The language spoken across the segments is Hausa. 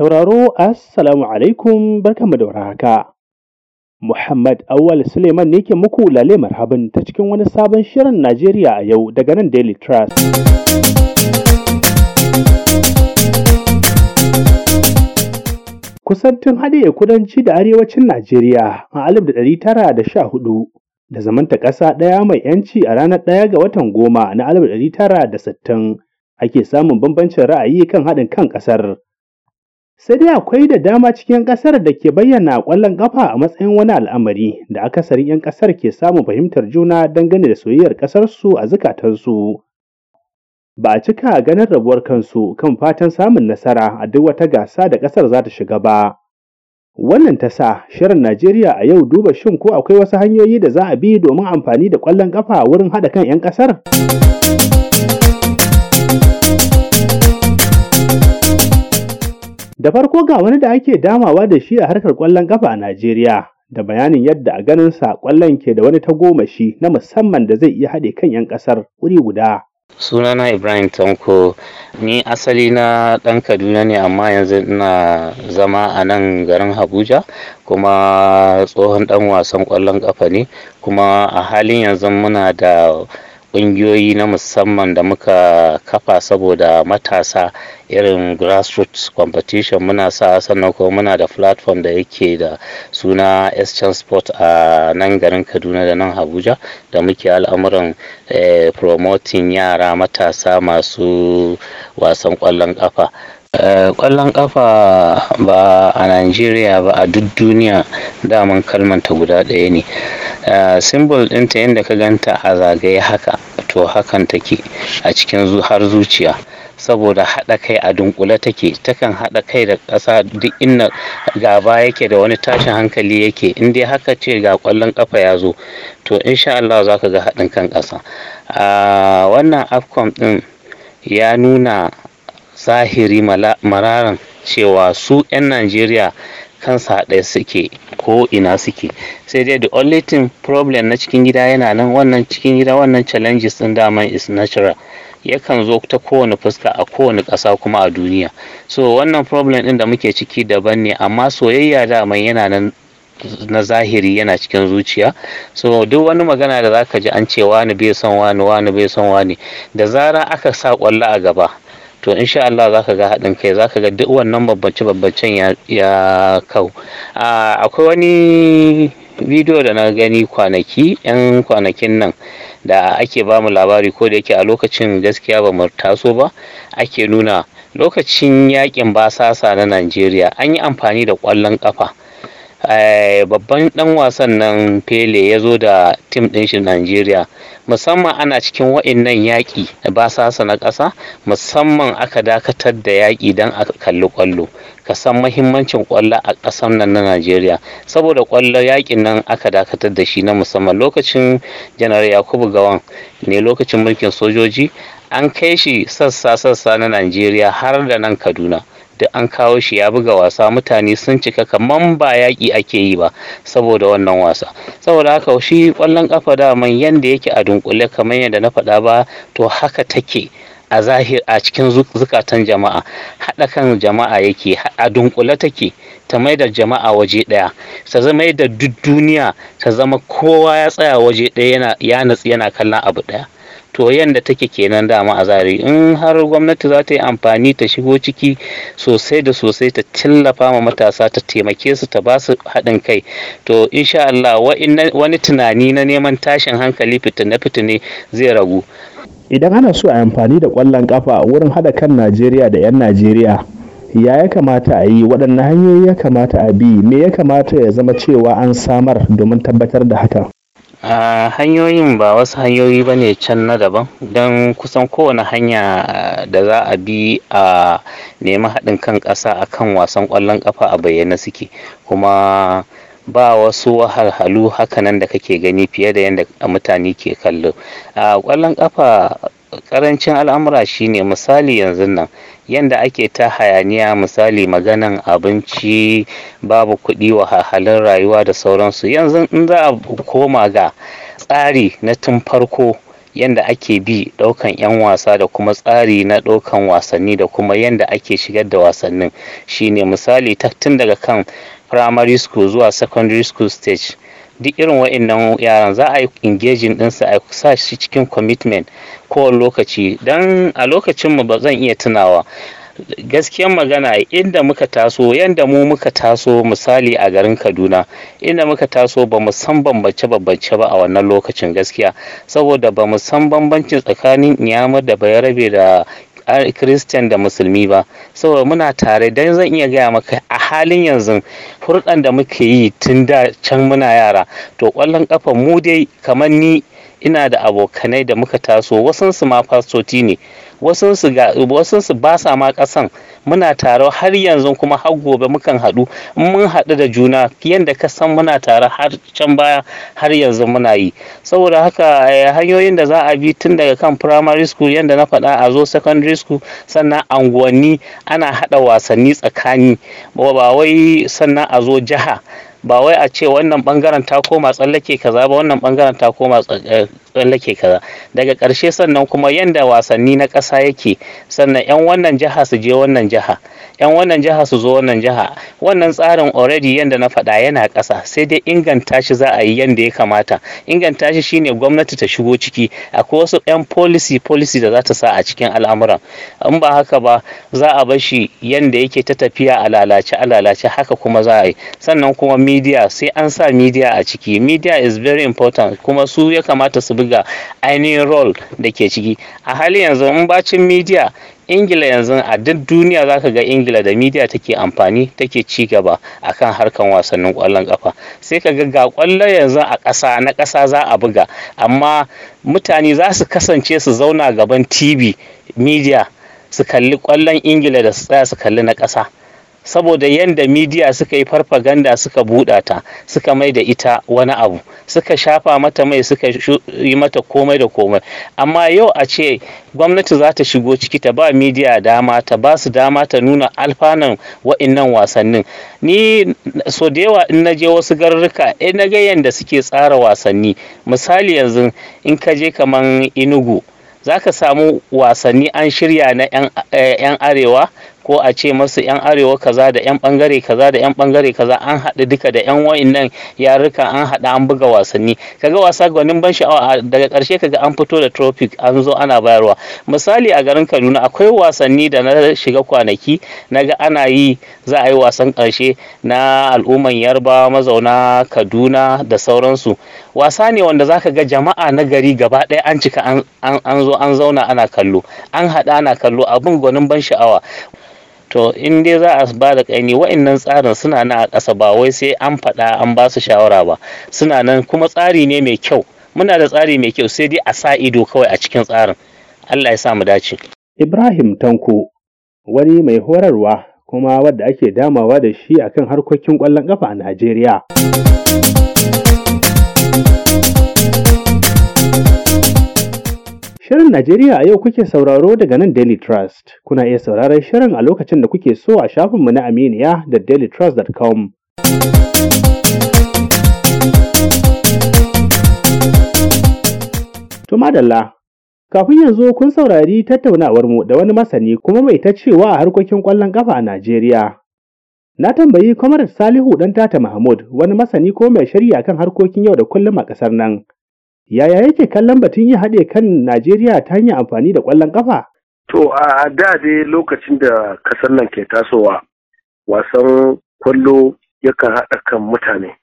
sauraro assalamu alaikum barkanmu da warhaka Muhammad Awal Suleiman ne ke muku lale marhaban ta cikin wani sabon shirin Najeriya a yau daga nan Daily Trust. Kusan tun haɗe kudanci da arewacin Najeriya a 1914 da zamanta ƙasa ɗaya mai 'yanci a ranar ɗaya ga watan goma na 1960 ake samun bambancin ra'ayi kan haɗin kan ƙasar sai dai akwai da dama cikin ƙasar da ke bayyana ƙwallon ƙafa a matsayin wani al'amari da akasarin 'yan ƙasar ke samun fahimtar juna dangane da soyayyar ƙasarsu a zukatansu. Ba a cika ganin rabuwar kansu kan fatan samun nasara a duk wata gasa da ƙasar za ta shiga ba. Wannan ta sa shirin Najeriya a yau duba shin ko akwai wasu hanyoyi da za a bi domin amfani da ƙwallon ƙafa wurin haɗa kan 'yan ƙasar? Da farko ga wani da ake damawa da shi a harkar kwallon ƙafa a Najeriya da bayanin yadda a ganin sa kwallon ke da wani tagomashi na musamman da zai iya haɗe kan 'yan ƙasar wuri guda. Sunana Ibrahim Tanko ni asali na ɗan Kaduna ne amma yanzu ina zama a nan garin Abuja kuma tsohon ɗan wasan ƙwallon ƙafa ne kuma a halin yanzu muna da ƙungiyoyi na musamman da muka kafa saboda matasa irin grassroots competition muna sa sannan kuma muna da platform da yake da suna exchange sport a nan garin kaduna da nan abuja da muke al'amuran eh, promoting yara matasa masu wasan kwallon ƙafa kwallon eh, kafa ba a Najeriya ba a duk duniya daman kalmanta guda ɗaya ne. Eh, symbol ɗinta yadda ka ganta a zagaye haka. to hakan take a cikin har zuciya saboda haɗa kai a dunkule take takan haɗa kai da ƙasa duk inna gaba yake da wani tashin hankali yake in dai haka ce ga ƙwallon ƙafa ya zo to insha Allah za ka ga haɗin kan ƙasa a wannan afcon ɗin ya nuna zahiri mararan cewa su 'yan najeriya kansa ɗaya suke ko ina suke sai dai the only thing problem na cikin gida yana nan wannan cikin gida wannan challenges ɗin daman is natural yakan zo ta kowane fuska a kowane ƙasa kuma a duniya so wannan problem ɗin da muke ciki daban ne amma soyayya daman yana nan na zahiri yana cikin zuciya so duk wani magana da zaka ji an ce wani bai son wani wani bai son wani da zara aka sa kwallo a gaba to insha Allah za ka ga haɗin kai za ka ga duk wannan babbace-babbacen ya kau akwai wani bidiyo da na gani kwanaki 'yan kwanakin nan da ake ba mu labari ko da yake a lokacin gaskiya ba mu taso ba ake nuna lokacin yakin basasa na najeriya an yi amfani da kwallon ƙafa Eh, babban dan wasan nan pele ya zo da tim ɗin shi nigeria musamman ana cikin nan yaƙi ba sasa na ƙasa musamman aka dakatar da yaƙi don a kalli ƙwallo ka san mahimmancin ƙwallo a ƙasar nan na najeriya saboda ƙwallo yaƙin nan aka dakatar da shi na musamman lokacin janar yakubu gawan ne lokacin mulkin sojoji an kai shi sassa-sassa na najeriya har da nan kaduna duk an kawo shi ya buga wasa mutane sun cika kaman ba yaƙi ake yi ba saboda wannan wasa saboda haka shi ƙwallon ƙafa daman yanda yake a dunkule kamar yadda na faɗa ba to haka take a zahir a cikin zukatan jama'a haɗa kan jama'a yake a dunkule take ta mai da jama'a waje ɗaya ta zama da duk duniya ta zama kowa ya tsaya waje ɗaya yana ya yana kallon abu ɗaya to yadda take kenan dama a zari in har gwamnati za ta yi amfani ta shigo ciki sosai da sosai ta tallafa ma matasa ta taimake su ta ba su haɗin kai to insha Allah wani tunani na neman tashin hankali fitina fitine zai ragu idan ana so a amfani da ƙwallon kafa wurin haɗa kan najeriya da 'yan najeriya ya ya kamata a yi waɗanne hanyoyi ya kamata a bi me ya kamata ya zama cewa an samar domin tabbatar da haka? A hanyoyin ba wasu hanyoyi ba ne can na daban don kusan kowane hanya ah, da za a bi a nemi haɗin kan ƙasa a kan wasan ƙwallon ƙafa a bayyana suke kuma ba wasu wahalhalu hakanan da kake gani fiye da yadda mutane ke kallo. A ƙwallon ƙafa karancin al'amura shine misali yanzu nan yanda ake ta hayaniya misali maganan abinci babu kuɗi wahalhalun rayuwa da sauransu yanzu in za a koma ga tsari na tun farko yanda ake bi ɗaukan 'yan wasa da kuma tsari na ɗaukan wasanni da kuma yanda ake shigar da wasannin shine misali tun daga kan primary school zuwa secondary school stage duk irin wa'annan yaran za a yi engaging ɗinsa a sa shi cikin commitment kowane lokaci don a lokacin mu ba zan iya tunawa gaskiyar magana inda muka taso yanda mu muka taso misali a garin kaduna inda muka taso ba mu san bambance bambance ba a wannan lokacin gaskiya saboda ba mu san bambancin tsakanin nyama da bayarabe da Christian da musulmi ba saboda muna tare dan zan iya gaya maka a halin yanzu hurɗan da muke yi tun da can muna yara to ƙwallon ƙafa mu dai kamar ni ina da abokanai da muka taso wasansu ma fasoti ne wasunsu ba sa ma kasan, muna taro har yanzu kuma har gobe mukan haɗu in mun haɗu da juna yadda ka san muna tare har can baya har yanzu muna yi saboda haka eh, hanyoyin da za a bi tun daga kan primary school yadda na faɗa a zo secondary school sannan anguwanni ana haɗa wasanni tsakani ba wai sannan a zo jiha ba wai a ce wannan bangaren ta koma tsallake kaza ba wannan bangaren ta koma eh, tsallake kaza daga ƙarshe sannan kuma yanda wasanni na ƙasa yake sannan 'yan wannan jiha su je wannan jiha 'yan wannan jiha su zo wannan jiha wannan tsarin already yanda na faɗa yana ƙasa sai dai inganta shi za a yi yanda ya kamata inganta shi shine gwamnati ta shigo ciki akwai wasu 'yan policy policy da za ta sa a cikin al'amuran in ba haka ba za a bar shi yanda yake ta tafiya a lalace a lalace haka kuma za a yi sannan kuma media sai an sa media a ciki media is very important kuma su ya kamata su buga ainihin role da ke ciki a halin yanzu in bacin media ingila yanzu a duk duniya zaka ga ingila da media take amfani take ci gaba kan harkan wasannin kwallon kafa sai ka ga ga kwallo yanzu a ƙasa na ƙasa za a buga amma mutane za su kasance su zauna gaban tv media su kalli kwallon ingila da su tsaya su kalli na ƙasa saboda yadda midiya suka yi farfaganda suka buɗa ta suka mai da ita wani abu suka shafa mata mai suka yi mata komai da komai amma yau a ce gwamnati za ta shigo ciki ta ba midiya dama ta ba su dama ta nuna alfanan wa'innan wasannin ni so da yawa in na je wasu garurruka in eh, na ga yadda suke tsara wasanni misali yanzu in ka je kaman inugu za ka samu wasanni an shirya na 'yan eh, arewa ko a ce masu 'yan arewa kaza da 'yan bangare kaza da 'yan bangare kaza an haɗu duka da 'yan wa'innan yarurruka an haɗu an buga wasanni kaga wasa gwanin ban sha'awa daga ƙarshe kaga an fito da tropic an zo ana bayarwa misali a garin kaduna akwai wasanni da na shiga kwanaki na ga ana yi za a yi wasan ƙarshe na al'umman yarba mazauna kaduna da sauransu wasa ne wanda za ka ga jama'a na gari gaba ɗaya an cika an zo an zauna ana kallo an haɗa ana kallo abin gwanin ban sha'awa to in dai za a ba da ƙaini wa'annan tsarin suna nan a ƙasa ba wai sai an faɗa an ba su shawara ba suna nan kuma tsari ne mai kyau muna da tsari mai kyau sai dai a sa ido kawai a cikin tsarin allah ya sa mu dace ibrahim tanko wani mai horarwa kuma wadda ake damawa da shi akan harkokin ƙwallon ƙafa a najeriya Shirin Najeriya a yau kuke sauraro daga nan Daily Trust. Kuna iya sauraron shirin a lokacin da kuke so a shafinmu na Aminiya da dailytrust.com. To madalla, kafin yanzu kun saurari tattaunawarmu da wani masani kuma mai ta cewa a harkokin ƙwallon ƙafa a Najeriya. Na tambayi Kwamar Salihu ɗan Tata Mahmud wani masani ko mai shari'a kan harkokin yau da kullum a ƙasar nan Yaya yake kallon batun yi haɗe kan Najeriya ta hanyar amfani da ƙwallon ƙafa? To a da dai lokacin da kasar nan ke tasowa wasan kwallo yakan haɗa kan mutane.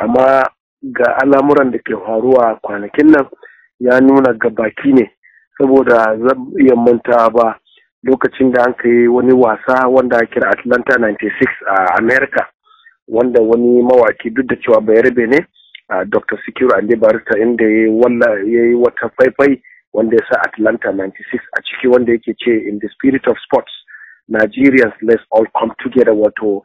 Amma ga al'amuran da ke faruwa kwanakin nan ya nuna ga baki ne saboda zan iya manta ba lokacin da an yi wani wasa wanda ake Atlanta 96 a America wanda wani mawaki duk da cewa bai rabe ne. dr sikiru ande barista inda ya yi wata faifai wanda ya sa atlanta 96 a ciki wanda yake ce in the spirit of sports nigerians let's all come together wato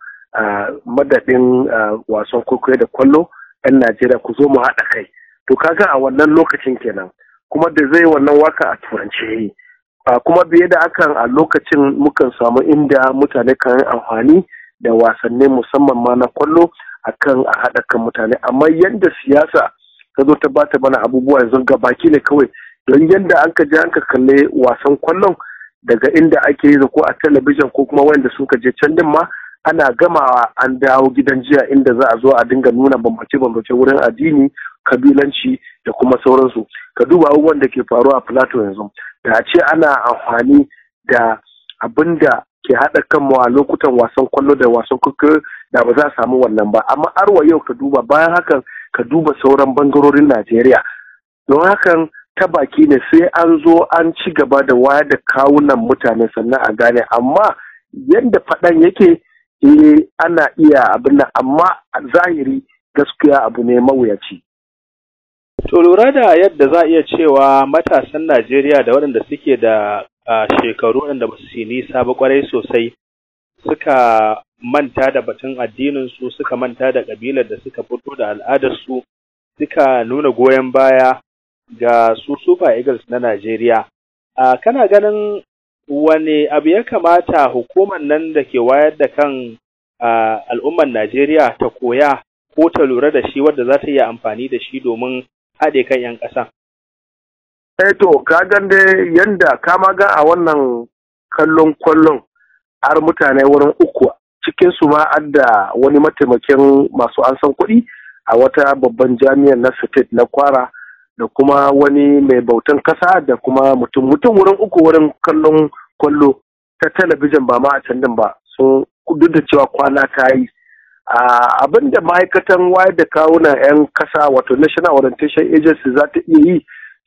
madadin wasan kwaikwayo da kwallo 'yan najeriya ku zo mu haɗa kai to kaga a wannan lokacin kenan kuma da zai wannan waka a turance yi kuma biye da akan a lokacin mukan samu inda mutane kan amfani da wasannin musamman ma na kwallo akan a haɗa kan mutane amma yadda siyasa ta zo ta bata mana abubuwa yanzu ga baki ne kawai don yadda an ka je an ka kalle wasan kwallon daga inda ake yi ko a talabijin ko kuma wanda suka je can din ma ana gamawa an dawo gidan jiya inda za a zo a dinga nuna bambance-bambance wurin addini kabilanci da kuma sauransu ka duba abubuwan da ke faruwa a plateau yanzu da a ce ana amfani da abin da ke haɗa kanmu a lokutan wasan kwallo da wasan kuka da ba za a samu wannan ba amma arwa yau ka duba bayan hakan ka duba sauran bangarorin najeriya don hakan ta baki ne sai an zo an ci gaba da wayar da kawunan mutane sannan a gane amma yadda faɗan yake eh ana iya abin nan amma zahiri gaskiya abu ne mawuyaci To lura da yadda za a iya cewa matasan Najeriya da waɗanda suke da a shekaru waɗanda ba su nisa ba kwarai sosai suka manta da batun addininsu suka manta da ƙabilar da suka fito da al'adarsu suka nuna goyon baya ga su Super Eagles na Najeriya. A kana ganin wani abu ya kamata hukumar nan da ke wayar da kan al'ummar Najeriya ta koya ko ta lura da shi wadda za ta iya amfani da shi domin haɗe kan 'yan ƙasan? eh to ka gan dai yanda ka ma ga a wannan kallon kwallon har mutane wurin uku cikin su ma adda wani mataimakin masu ansan kuɗi a wata babban jami'ar na state na kwara da kuma wani mai bautan kasa da kuma mutum mutum wurin uku wurin kallon kwallo ta talabijin ba ma a can din ba su duk da cewa kwana ta yi abin da ma'aikatan wayar da kawunan 'yan kasa wato national orientation agency za ta iya yi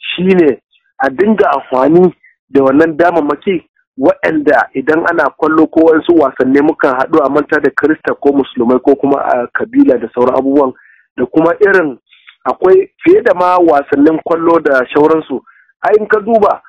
Shi ne a dinga amfani da wannan damammaki waɗanda idan ana kwallo ko wasu wasanni muka haɗu a manta da Kirista ko musulmai ko kuma a kabila da sauran abubuwan da kuma irin akwai fiye da ma wasannin kwallo da shauransu in ka duba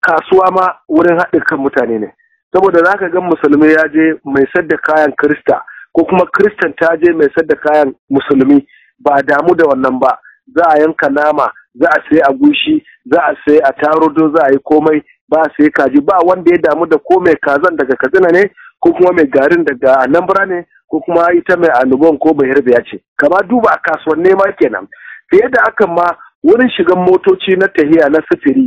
kasuwa ma wurin haɗin kan mutane ne saboda za ka ga musulmi ya je mai sadda kayan kirista ko kuma kristan ta je mai sadda kayan musulmi ba damu da wannan ba za a yanka nama za a sai agushi za a sai a tarodo za a yi komai ba a sai kaji ba wanda ya damu da ko mai kazan daga katsina ne ko kuma mai garin daga anambra ne ko kuma ita mai anubon ko bayarbiya ce kama duba a kasuwanni ma kenan fiye da hakan ma wurin shigan motoci na tahiya na sufuri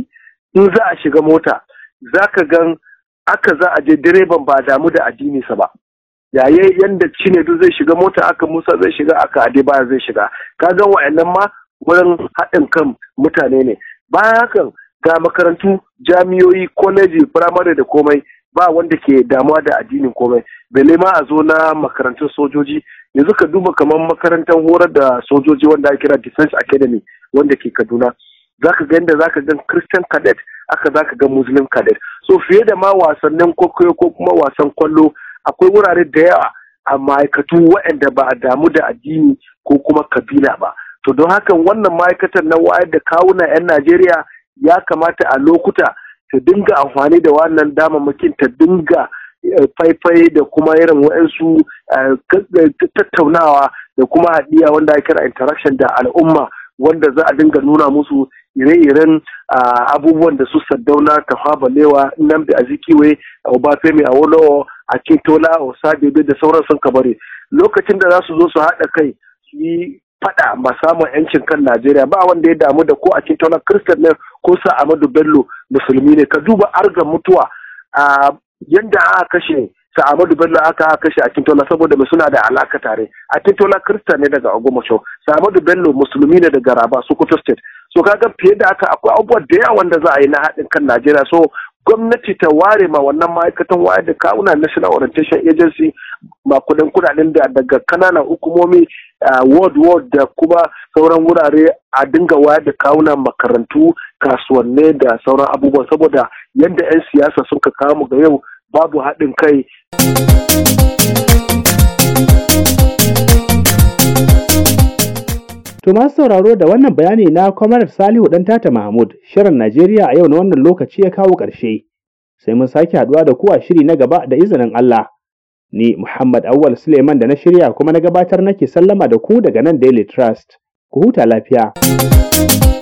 in za a shiga mota za ka gan aka za a je direban ba damu da sa ba yaye yanda cinedu zai shiga mota aka musa zai shiga aka ba zai shiga ka gan wa'annan ma wurin haɗin kan mutane ne bayan hakan ga makarantu jami'oyi kwaleji firamare da komai ba wanda ke damuwa da addinin komai bele ma a zo na makarantun sojoji yanzu ka duba kamar makarantar horar da sojoji wanda ake kira defense academy wanda ke kaduna za ka ga za ka gan christian cadet aka ka ga muslim cadet so fiye da ma wasannin kwakwayo ko kuma wasan kwallo akwai wurare da yawa a ma'aikatu waɗanda ba a damu da addini ko kuma kabila ba to don hakan wannan ma'aikatar na wayar da kawuna 'yan najeriya ya kamata a lokuta ta dinga amfani da wannan damammakin ta dinga eh, faifai da kuma irin waɗansu eh, eh, tattaunawa da kuma haɗiya wanda ake kira interaction da al'umma wanda za a dinga nuna musu ire-iren abubuwan da su saddauna tafa nan da azikiwe obafemi awolowo a osa da sauran sun kabare lokacin da za su zo su haɗa kai su yi faɗa ba samun yancin kan Najeriya ba wanda ya damu da ko a Kintola Christian ne ko sa Amadu Bello musulmi ne ka duba arga mutuwa a yanda aka kashe sa Amadu Bello aka kashe a Kintola saboda mu suna da alaka tare a Kintola Christian ne daga Mosho sa Amadu Bello musulmi ne daga Raba Sokoto State so kaga fiye da aka akwai abubuwa da yawa wanda za a yi na haɗin kan Najeriya so gwamnati ta ware ma wannan ma'aikatan wayar da kawuna national orientation agency makudan kudaden da daga kananan hukumomi a ward world da kuma sauran wurare a dinga wayar da kawuna makarantu kasuwanni da sauran abubuwa saboda yadda 'yan siyasa suka kamu ga yau babu haɗin kai. To masu sauraro da wannan bayani na kwamarar Salihu ɗan Tata Mahmud, shirin Najeriya a yau na wannan lokaci ya kawo ƙarshe. Sai mun sake haɗuwa da ku a shiri na gaba da izinin Allah. Ni Muhammad Awal Suleiman da na shirya kuma na gabatar nake sallama da ku daga nan Daily Trust. Ku huta lafiya.